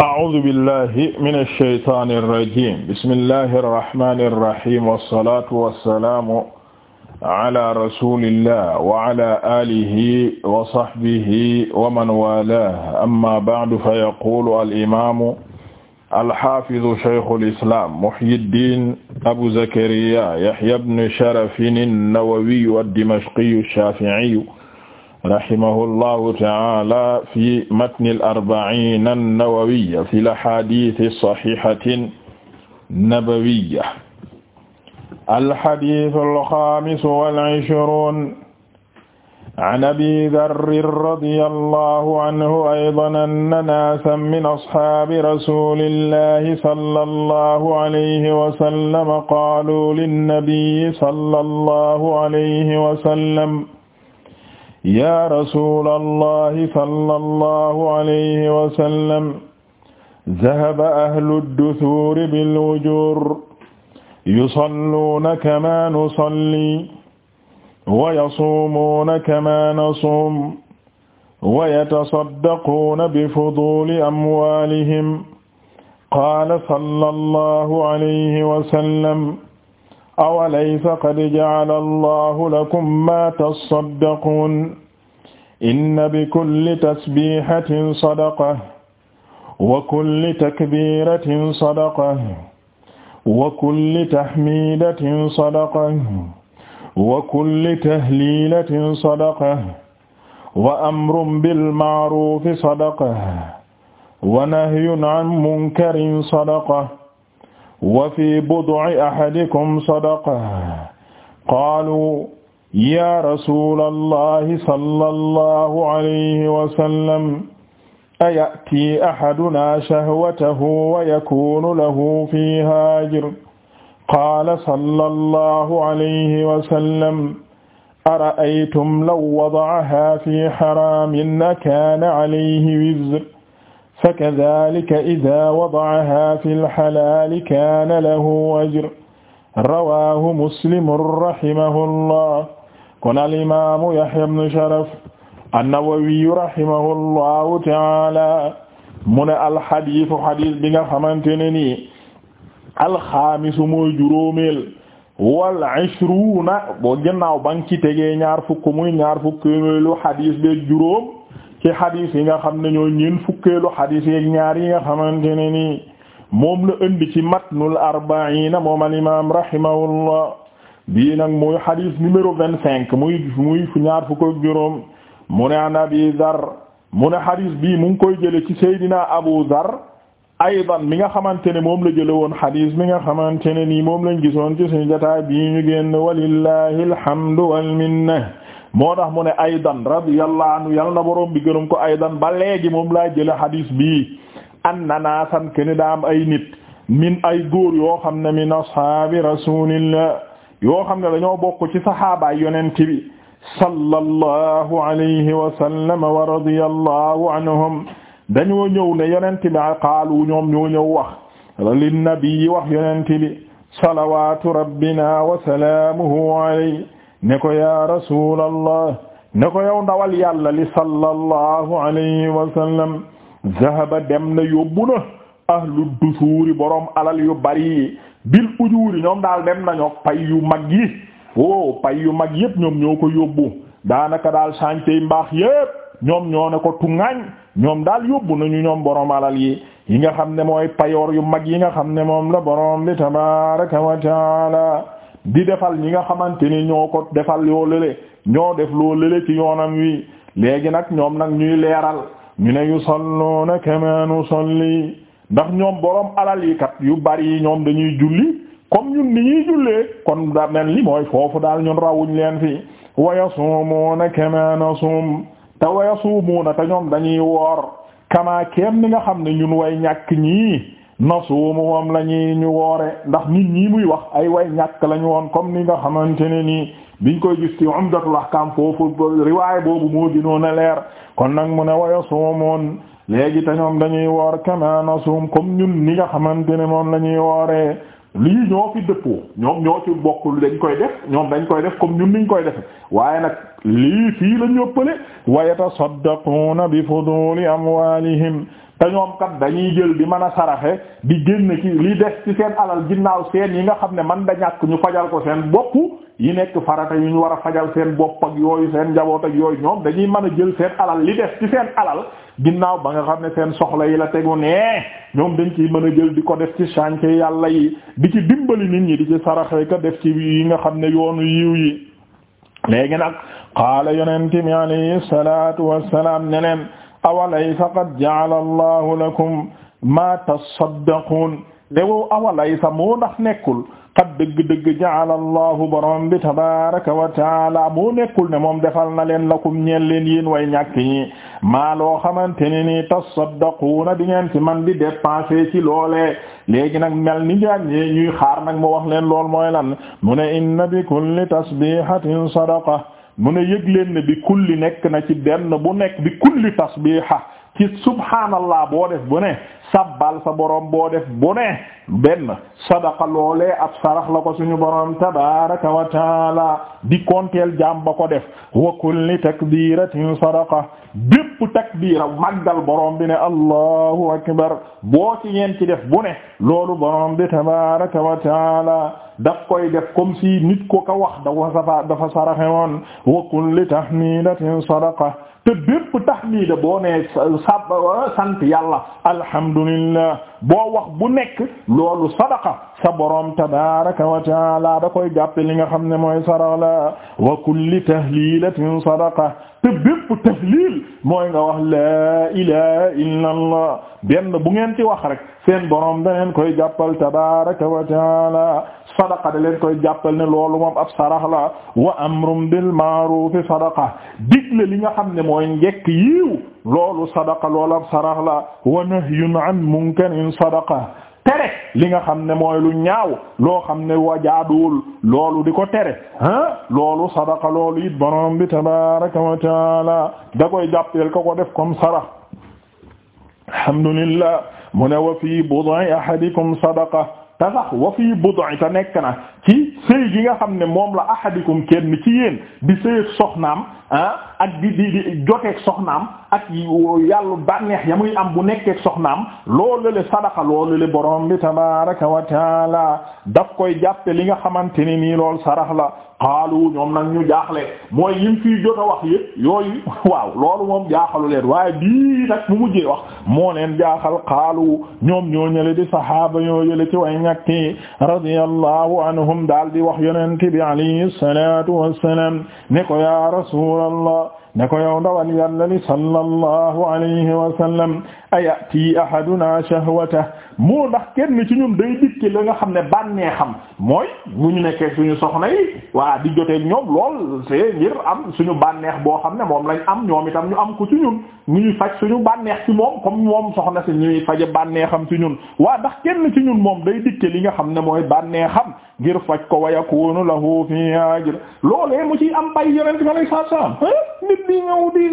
أعوذ بالله من الشيطان الرجيم بسم الله الرحمن الرحيم والصلاة والسلام على رسول الله وعلى آله وصحبه ومن والاه أما بعد فيقول الإمام الحافظ شيخ الإسلام محي الدين أبو زكريا يحيى بن شرف النووي الدمشقي الشافعي rahimahullahu ta'ala fi matni al-arba'iin an-nawawiyya fi al-ahaadiith as-sahiihati an-nabawiyya al-hadiith al-khaamis wal-'ishruun 'an Abii Dharrin radiyallahu anhu aydan anna naasan min ashaabi rasuulillaahi sallallahu alayhi wa sallam qaaluu lin-nabiyyi sallallahu alayhi wa sallam yaa rasuulallahi sallallahu alayhi wa sallam zahaba ahlu dusuuri bil wujuur yusalluuna kamaa nusalli wa yasuumuuna kamaa nasuum wa yatasaddaquuna bifuduuli amwaalihim qaala sallallahu alayhi wa sallam awalaysa qad ja'ala allahu lakum ma tasaddaquun inna bikulli tasbihatin sadaqa wa kulli takbiratin sadaqa wa kulli tahmidatin sadaqa wa kulli tahlilatin sadaqa wa amrun bilma'rufi sadaqa wa nahyun an munkarin sadaqa wa fi bud'i ahadikum sadaqa qaalu ya rasulallahi sallallahu alayhi wa sallam aya'ti ahaduna shahwatahu wa yakunu lahu fiha ajr qaala sallallahu alayhi wa sallam ara'aytum law wada'aha fi haramin akaana alayhi wizr fakadhalika idha wada'aha fi al-halal kana lahu ajr rawahu muslim rahimahullah kon al-imam Yahya ibn Sharaf an-Nawawi rahimahullahu ta'ala mu ne al-hadith hadith bi nga xamante ne nii al-khamis mooy juróomeel wal ishruna boo gannaaw ba nga ci tegee ñaar fukk muy ñaar fukk lu hadith be juróom ci xadis yi nga xam ne ñoo ñeen fukkeelu xadis yeeg ñaar yi nga xamante ne nii moom la indi ci matnul arbaina moom al imam rahimahullah bii nag muy xadis numéro vingt cinq muy muy ñaar fukk ak juróom mu ne an abi dar mu ne xadis bii mu ngi koy jële ci seydina abu dar aydan mi nga xamante ne moom la jële woon xadis mi nga xamante ne nii moom lañ gisoon ci suñu jotaay bii ñu génn walillahi alhamdu wal minna moo tax mu ne aydan radiyallahu anhu yal na borom bi gërëm ko aydan ba léegi moom laa jële hadis bii anna naasan kene daam ay nit min ay góor yoo xam ne min ashaabi rasulillah yoo xam ne dañoo bokk ci saxaabaay yonent bi sallallahu alayhi wa sallam wa radiyallahu anhum dañoo ñëw ne yonent bi qaalu ñoom ñoo ñëw wax linnabi wax yonent bi salawaatu rabbina wa salaamuhu alayhi ne ko yaa rasuulallah ne ko yow ndawal yàlla li sallallahu alayhi wa sallam zahaba dem na yóbbu na ahlu dusuuri boroom alal yu bari bil ujuuri ñoom daal dem nañu pay yu mag yi woo pay yu mag yépp ñoom ñoo ko yóbbu daanaka daal chantier mbaax yépp ñoom ñoo ne ko tuŋaañ ñoom daal yóbbu nañu ñoom boroom alal yi yi nga xam ne mooy payoor yu mag yi nga xam ne moom la boroom bi tabaaraka wa taala di defal ñi nga xamante ni ñoo ko defal yoo lële ñoo def loo lële ci yoonam wi léegi nag ñoom nag ñuy leeral ñu ne yu yusalluuna kama nusalli ndax ñoom boroom alal yi kat yu bari yi ñoom dañuy julli comme ñun ni ñuy jullee kon da mel ni mooy foofu daal ñun rawuñ leen fi wa yasumuuna kama nasum te wa yasumuuna te ñoom dañuy woor kama keem ni nga xam ne ñun way ñàkk ñii nasuumu moom la ñuy ñu woore ndax nit ñi muy wax ay way ñàkk lañu woon comme ni nga xamante ne nii biñ koy gis ci umdatul ahkam foofu riwaay boobu moo gënoon a leer kon nag mu ne waya soomoon léegi te ñoom dañuy woor kama nasuum comme ñun ni nga xamante ne moom la ñuy wooree lii ñoo fi dëppoo ñoom ñoo ci bokkul dañ koy def ñoom dañ koy def comme ñun niñ koy defe waaye nag lii fii la ñëppale wa yatasaddaquna bi fuduli amwalihim te ñoom kat dañuy jël di mën a saraxe di génn ci li des ci seen alal ginnaaw seen yi nga xam ne man da ñàkk ñu fajal ko seen bopp yi nekk farata yu ñu war a fajal seen bopp yooyu seen njaboot ak yooyu ñoom dañuy mën a jël seen alal li des ci seen alal ginnaaw ba nga xam ne seen soxla yi la tegu nee ñoom dañu ciy mën a jël di ko def ci chantier yàlla yi di ci dimbali nit ñi di ci saraxe ka def ci yi nga xam ne yoonu yiw yi léegi nag qaala yonent mi awalaysa qad ja'ala allahu lakum ma tasaddaqun léwo awalaysa moo ndax nekkul qad dëgg-dëgg ja'ala allahu borom bi tabaraka wa taala moo nekkul ne moom defal na leen lakum ñeen leen yéen way ñàkk ñi maa loo xamante ne nii tasaddaquuna di ngeen ci man di dépenser ci loolee léegi nag mel ni ñuy xaar nag mu wax leen lool mooy lan mu ne inna bi kulli tasbihatin sadaqa mu ne yëg leen ne bi kulli nekk na ci benn bu nekk bi kulli tasbiha ci subhaanallah boo def bu ne sabbal sa borom boo def bu benn sadaqa loolee ab sarax la ko suñu borom tabaraka wa taala di konteel jaam ko def wa kulli takbiratin sadaqa bépp takbira màggal borom bi ne allahu akbar boo ci ñeen ci def bu ne loolu borom bi tabaraka wa taala daf koy def comme si nit ko ka wax dafa safa dafa saraxe woon wa kulli tahmidatin sadaqa te bépp tahmida boo nee sab sant yàlla alhamdulillah boo wax bu nekk loolu sadaqa sa borom tabaraka wa taala da koy jàppe li nga xam ne mooy sarax la wa kulli tahlilatin sadaqa te bépp tahlil mooy nga wax laa ilaha illa benn bu ngeen ci wax rek seen borom da koy jàppal tabaraka wa taala sadaqa da koy jàppal ne loolu moom ab sarax la wa amrum bil ma'ruf sadaqa digle li nga xam ne mooy njekk yiw loolu sadaqa loolam sarax la wa nahyun an munkarin sadaqa tere li nga xam ne mooy lu ñaaw loo xam ne wajaaduwul loolu di ko tere ah loolu sadaqa loolu it borom bi tabaraka wa taala da koy jàppeel ka ko def kom sarax alhamdulillah mu ne wa fii bud'i ahadikum sadaqa te sax wa fii bud'i te nekk na ci sëy gi nga xam ne moom la ahadikum kenn ci yéen di sëyeek soxnaam ah ak di di di joteek soxnaam ak yàllu bànneex ya muy am bu nekkee soxnaam lool le sadaqa loolu le borom bi tabaraka wa taala daf koy jàppe li nga xamante ni nii lool sarax la xaalu ñoom nag ñu jaaxle mooy yim fii jot a wax yëpp yooyu waaw loolu moom jaaxalu leen waaye bii nag mu mujjee wax moo leen jaaxal xaalu ñoom ñoo ñële di sahaaba ñoo yële ci way ñakki radiyallahu anhum daal di wax yonent bi alayhi salatu wassalam ne ko ya rasulallah ne ko yow ndawal yàlla li sallallahu alayhi wa sallam ayati ahaduna shahwata moo ndax kenn ci ñun day dikki la nga xam ne bànneexam xam mooy mu ñu nekkee suñu soxna yi waa di jotee ñoom lool c'est ngir am suñu bànneex boo xam ne moom lañ am ñoom itam ñu am ko ci ñun ñu ñuy faj suñu bànneex ci moom comme moom soxna si ñuy faje bànneexam ci ñun waa ndax kenn ci ñun moom day dikke li nga xam ne mooy bànneexam ngir faj ko wa yakunu lahu fi ajr loolee mu ci am bay yonent bi sallallahu alayhi nit di ñëw di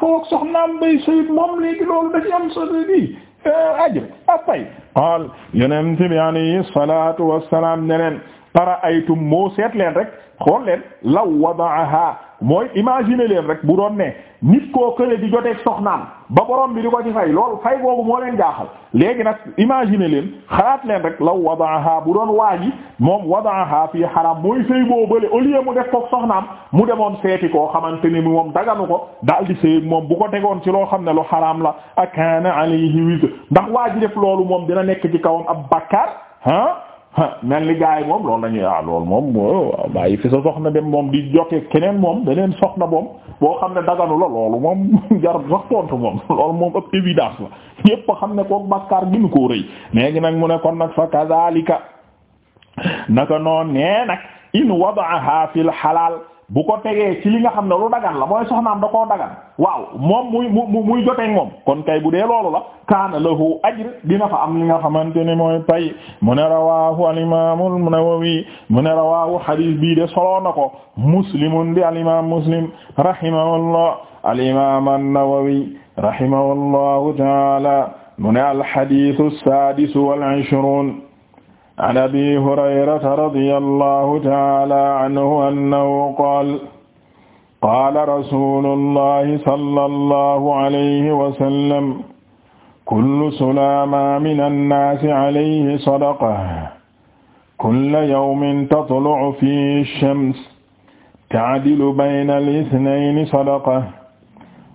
foog soxnaam bay sayid moom léegi loolu da ci am sa di eh, ajr apay ah, qaal yonent bi alayhi salaatu wassalaam neneen ara'aytum moo seet leen rek xool leen law wada'aha mooy imaginer leen rek bu doon ne nit koo kële di joteeg soxnaam ba borom bi di ko ci fay loolu fay boobu moo leen jaaxal léegi nag imaginer leen xalaat leen rek law wada'aha bu doon waaji moom wada'aha fii haram mooy sëy boo bële au lieu mu def koog soxnaam mu demoon seeti koo xamante bi moom daganu ko daal di sëy moom bu ko tegoon ci loo xam ne lu haram la akana alayhi wizr ndax waaji def loolu moom dina nekk ci kawam ab bakkaar ah mel ni gars yi moom loolu lañuy ah loolu moom bàyyi fi sa soxna dem moom di joteeg keneen moom beneen soxna moom boo xam ne daganu la loolu moom jarul sax tontu moom loolu moom ab évidence la ñépp xam ne kook bàkkaar ginu koo rëy léegi nag mu ne kon nag fa kazalika naka noon nee nag in wadaaha fil xalaal bu ko tegee ci li nga xam ne lu dagan la mooy soxnaam da koo dagan waaw muy mu muy moom kon kay bu dee loolu la kaana lahu ajr dina fa am li nga xamante ne mooy pay mu ne rawahu alimamu Nawawi mu ne rawahu bii de soloo na ko muslimun bi alimam muslim rahimahullah alimam an-Nawawi rahimahullahu taala mu ne alhadisu as-sadis wal ishrun an abi hurayrata radiya allahu taala anhu annahu qaala qaala rasulullahi sallallahu alayhi wa sallam kullu sulaama mina nnaasi alayhi sadaqa kulla yawmin tatlu'u fiihi shams ta'dilu bayna al-ithnayni sadaqa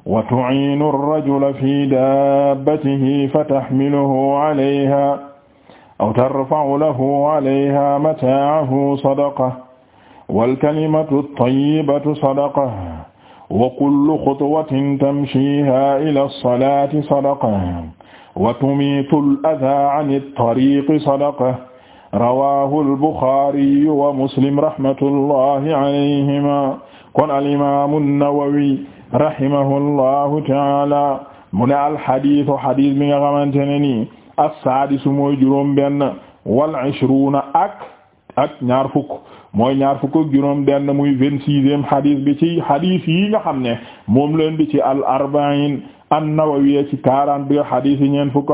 wa tu'iinu ar-rajula fii daabbatihi fatahmiluhu alayha aw tarfa'u lahu alayha mataahu sadaqa walkalimatu at-tayyibatu sadaqa wa kullu xutwatin tamshiha ila as-salati sadaqa wa tumiitu al-adhaa 'ani at-tariiqi sadaqa rawahu al-Buxaari wa Muslim rahmatullahi alayhima kon al-imaamu an-Nawawi rahimahullahu ta'ala mu ne al-hadiis hadiis bi nga xamante ne nii as-saadisu mooy juróom benn wal ishruuna ak ak ñaar fukk mooy ñaar fukk juróom benn muy vingt-sixième hadith bi ci hadith yi nga xam ne moom leen di ci al arba'in an-Nawawi ci quarante-deux hadith yi ñeent fukk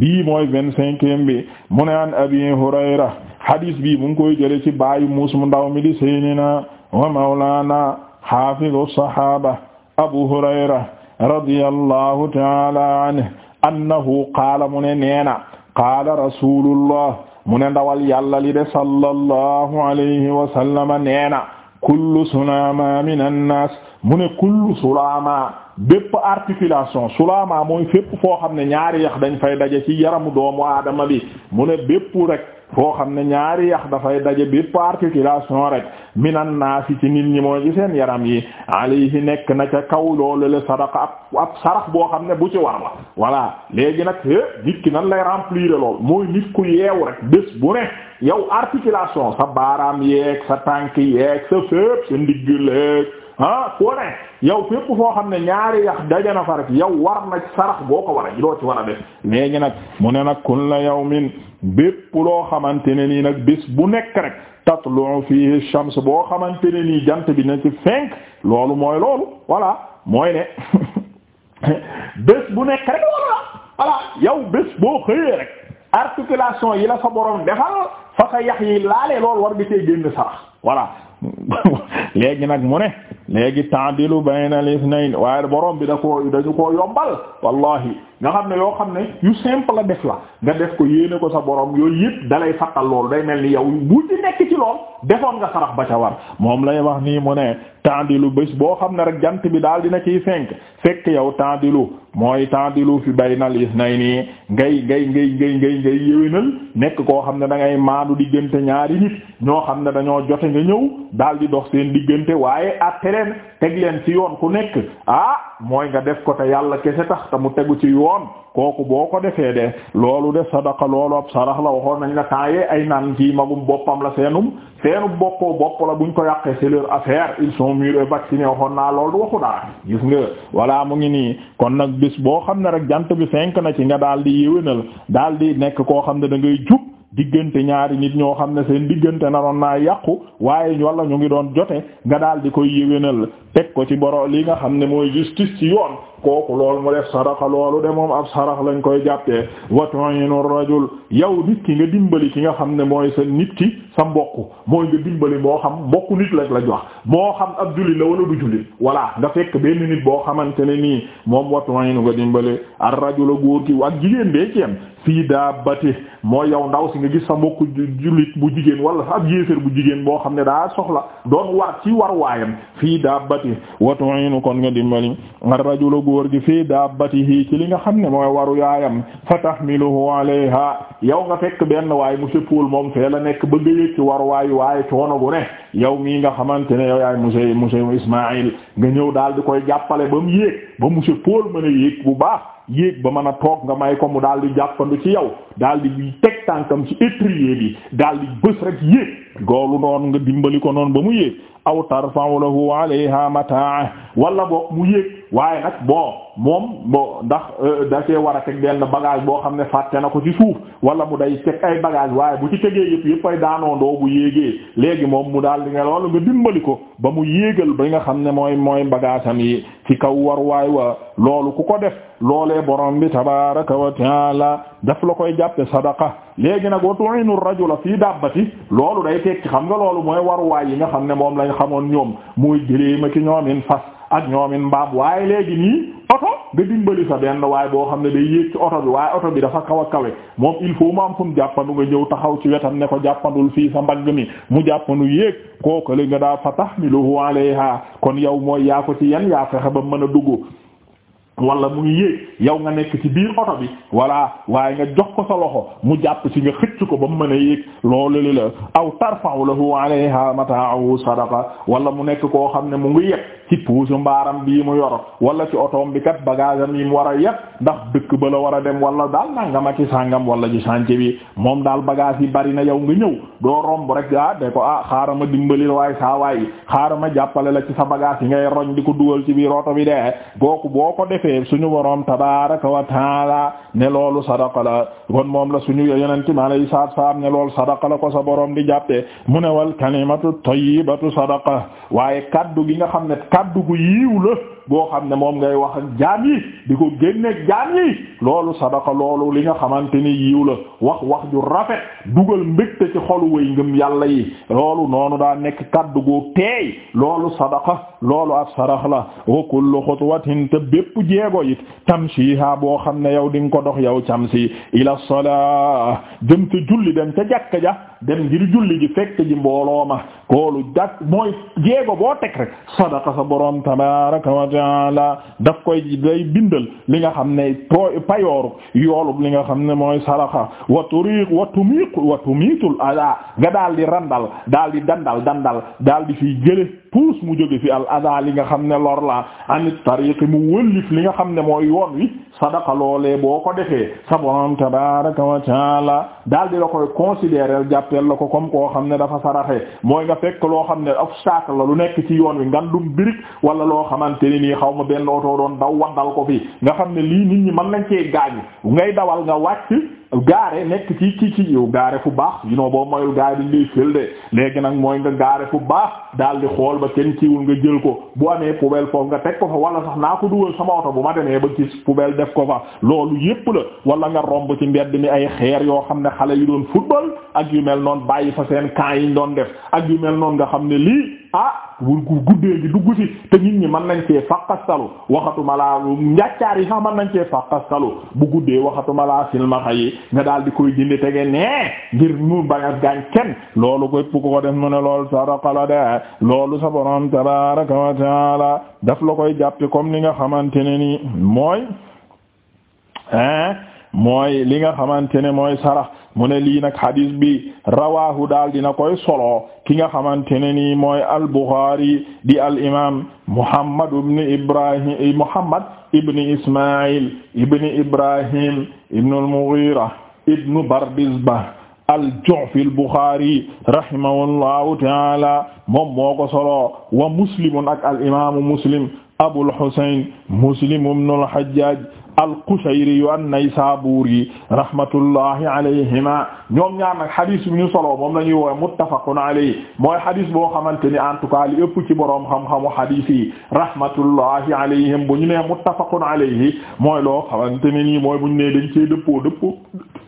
bii mooy vingt-cinquième bi mu an Abi Hurayra hadith bi mu ngi koy jële ci baayu muus mu ndaw mi di seydina wa mawlaana hafizu sahaba Abu Hurayra radiyallahu ta'ala anhu annahu qaala mu ne neena qaala rasulullah mu ne ndawal yàlla li de sallallahu alayhi wa neena kullu sulama min annas mu ne kullu sulama bépp articulation sulama mooy fépp foo xam ne ñaari yax dañ fay daje ci yaramu doomu aadama bi mu ne bépp foo xam ne ñaari yax dafay daje bi particulation rek minan naasi ci nit ñi mooy ci seen yaram yi yi alayhi nekk na ca kaw loolu le sadaqa ab ab sarax boo xam ne bu ci war la voilà léegi nag eh, nit ki nan lay remplir lool mooy nit ku yeewu rek bés bu ne yow articulation sa baaraam yeeg sa tànk yeeg sa fépp sa ndigg leeg ah foo ne yow fépp foo xam ne ñaari yax dajana fa rek yow war sarax boo ko war a doo ci war a def léegi nag mu ne nag kulla yawmin bépp loo xamante ne nii nag bés bu nekk rek tatlu fihi shams boo xamante ne nii jant bi na fenk loolu mooy loolu voilà mooy ne bés bu nekk rek walla voilà yow boo xëyee rek articulation yi la sa borom defal fa sa yax yi laale loolu war nga cee génn sarax voilà léegi nag mu léegi ta'dilu bayna al-ithnayn waaye borom bi da ko dañu koo yombal wallahi nga xam ne yoo xam ne yu simple la def la nga def ko yéene ko sa boroom yooyu yëpp dalay fàttal loolu day mel ni yow bu ci nekk ci lool defoon nga sarax ba ca war moom lay wax nii mu ne tandilu bés boo xam ne rek jant bi daal dina ciy fenk fekk yow tandilu mooy tandilu fi baynal isnayni ngay ngay ngay ngay ngay ngay yéwénal nekk koo xam ne da ngay maandu diggante ñaari nit ñoo xam ne dañoo jote nga ñëw daal di dox seen diggante waaye àtte leen teg leen ci yoon ku nekk ah mooy nga def ko te yàlla kese tax te mu tegu ci yoon kooku boo ko defee de loolu de sadaka loolu ab sarax la waxoon nañ la taayee ay naan kii magum boppam la seenum seenum bokkoo bopp la buñ ko yàqee c'est leur affaire ils sont mûrs et vaccinés waxoon naa loolu du waxu dara gis nga voilà mu ngi nii kon nag bis boo xam ne rek jant bi fenk na ci nga daal di yéwénal daal di nekk koo xam ne da ngay jub diggante ñaari nit ñoo xam ne seen diggante naroon naa yàqu waaye walla ñu ngi doon jote nga daal di koy yéwénal teg ko ci boro li nga xam ne mooy justice ci yoon kooku loolu mu def sadaqa loolu de moom ab sarax lañ koy jàppee watu'inu rajul yow nit ki nga dimbali ki nga xam ne mooy sa nit ki sa mbokk mooy nga dimbali moo xam mbokk la la jox moo xam ab jullit la wala du jullit voilà nga fekk benn nit boo xamante ne nii moom watu'inu nga dimbali ar rajul góor ki ak jigéen bee ci yem fii daabati mooy yow ndaw si nga gis sa mbokk julit bu jigéen wala sa ab yéeféer bu jigéen boo xam ne daa soxla doon war ci war fii daabati watu'inu kon nga dimbali ar rajul góor gi fii dabbatihi ci li nga xam ne mooy waru yaayam fa tahmiluhu alayha yow nga fekk benn waay monsieur Paul moom fee la nekk ba yëg ci waru waay waaye coono gu ne yow mii nga xamante ne yow yaay monsieur monsieur Ismaïl nga ñëw daal di koy jàppale ba mu yéeg ba monsieur Paul mën a yéeg bu baax yéeg ba mën a toog nga may ko mu daal di jàppandu ci yow daal di teg tànkam ci étrier bi dal di bës rek yéeg goolu noonu nga dimbali ko noonu ba mu yéeg aw tarfa'u waaye nag boo moom boo ndax euh, da war a teg benn bagage boo xam ne fàtte na ko ci suuf wala mu day teg ay bagage waaye bu ci tegee yëpp yëpp ay daanoondoo bu yéegee léegi moom mu daal di nga loolu nga dimbali ko ba mu yéegal ba nga xam ne mooy mooy bagaasam yi ci kaw war wa loolu ku ko def loolee borom bi tabaraka wa la def la koy jàppe sadaqa léegi nag wa tu'inu la fii dabbati loolu day tekki xam nga loolu mooy waruwaay yi nga xam ne moom lañ xamoon ñoom muy jëlee ma ak ñoomin mbaam waaye léegi nii oto nga dimbali sa benn waaye boo xam ne day yéeg ci oto bi waaye oto bi dafa kaw a kawe moom il faut mu am fu mu jàppandu nga ñëw taxaw ci wetam ne ko jàppandul fii sa mbagg mi mu jàppandu yéeg kookale nga daa fa tahmiluhu alayha kon yow mooy yaa ko ci yan yaa fexe ba mën a dugg wala mu ngi yéeg yow nga nekk ci biir oto bi voilà waaye nga jox ko sa loxo mu jàpp ci nga xëcc ko ba mu mën a yéeg loolu li la aw tarfa'u wala mu nekk koo xam ne mu ngi yéeg ci puusu mbaaram bii mu yor wala ci otoom bi kat bagage am yi mu war a yépp ndax dëkk ba la war a dem wala daal nangama ci sàngam wala ci chantier bi moom daal bagage yi bari na yow nga ñëw doo romb rek a ah de ko ah xaaral ma dimbali waaye saa waay xaaral ma jàppale la ci sa bagage yi ngay roñ di ko dugal ci biir oto bi de gooku boo ko defee suñu borom tabaaraka wa taala ne loolu sadaqa la kon moom la suñu yonent ma lay saat saam ne loolu sadaqa la ko sa boroom di jàppee mu ne wal kalimatu tayyibatu sadaqa waaye kaddu gi nga kàddu gu yiiw la boo xam ne moom ngay wax ak jaam yi di ko génneeg jaam yi loolu sadaka loolu li nga xamante ni yiw wax wax ju rafet dugal mbégte ci xolu way ngëm yàlla yi loolu noonu daa nekk kaddu gu teey loolu sadaka loolu ab sarax la wa kullu xutwatin te bépp jeego it tamshiha boo xam ne yow di nga ko dox yow camsi ila salaa jëm te julli dem ca jàkka ja dem ngir julli ji fekk ji mbooloo ma koolu jàkk mooy jeego boo teg rek sadaka sa borom taala daf koy day bindal li nga xam ne too payooru yoolub li nga xam ne mooy saraxa wa turiq wa tumiq wa tumiitul ada nga daal di randal daal di dandal dandal daal di fiy jële puus mu jóge fi al li nga xam ne lor la anit tariq mu wëllif li nga xam ne mooy yoon wi sadaka loole boo ko defee sa borom tabaraka wa taala daal di la koy considérer jàppeel la ko comme koo xam ne dafa saraxe mooy nga fekk loo xam ne obstacle la lu nekk ci yoon wi ngandum birig wala loo xamante ni nii xaw ma benn oto doon daw waddal ko fi nga xam ne lii nit ñi man nañ cee gaañu ngay dawal nga wàcc gaare nekk ci ci ci yow gaare fu baax yu noo boo mayul gaare dañ lay fël de léegi nag mooy nga gaare fu baax daal di xool ba kenn ciwul nga jël ko bu amee poubelle foofu nga teg ko fa wala sax naa ko dugal sama oto bu ma demee ba gis poubelle def ko fa loolu yépp la wala nga romb ci mbedd mi ay xeer yoo xam ne xale yu doon football ak yu mel noonu bàyyi fa seen camp yi ñu def ak yu mel noonu nga xam ne lii ah wul ku guddee gi dugg ci te nit ñi mën nañ cee fàqastalu waxatuma laa njàccaar yi sax mën nañ cee fàqastalu bu guddee waxatuma laa silmaxa yi nga daal di koy jënd tege nee ngir mu bañ a gaañ kenn loolu koy pukk ko def mu ne loolu sadaqa la de loolu sa borom tabaraka wa taala daf la koy jàppe comme ni nga xamante ne ni mooy hein mooy li nga xamante ne mooy sarax mu ne lii nag hadis bi rawaahu daal dina koy solo ki nga xamante ne nii mooy al Bukhari di al imaam Muhammad ibn Ibrahim Muhammad ibn Ismaïl ibn Ibrahim ibn al Mughira Bardizbah al-Ju'fi al-Bukhari ta'ala moom solo wa muslimun ak al muslim Abul Husayn Muslim ibn al al-Qushayri yu an-Naysaburi rahmatullahi alayhima ñoom ñaar nag xadis bi ñu solo moom la ñuy woowe muttafaqun alayhi mooy xadis boo xamante ni en tout cas li ëpp ci boroom xam-xamu xadis yi rahmatullahi alayhim bu ñu nee muttafaqun alayhi mooy loo xamante ni nii mooy bu ñu nee dañ cee dëppoo dëppoo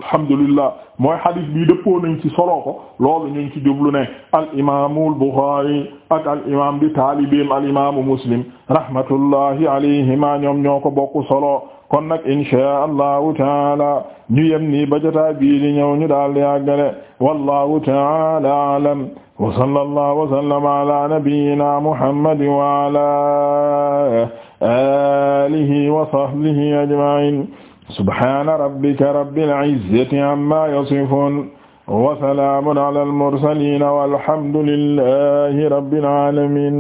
alhamdulillah mooy xadis bi dëppoo nañ ci solo ko loo loolu ñu ngi ci jublu ne al imaamul Buxaari ak al imaam bi taalibeem al imaamu Muslim rahmatullahi alayhima ñoom ñoo ko bokk solo. kon nag insha allahu taala ñu yem nii ba jotaay bii di ñëw ñu daal di àggale wallahu taala alam wa sallallahu wa sallama ala nabiyyina muhammad wa ala alihi wa sahbihi ajma'in subhana rabbika rabbil izzati amma yasifun wa salamun ala al mursalin walhamdulillahi rabbil alamin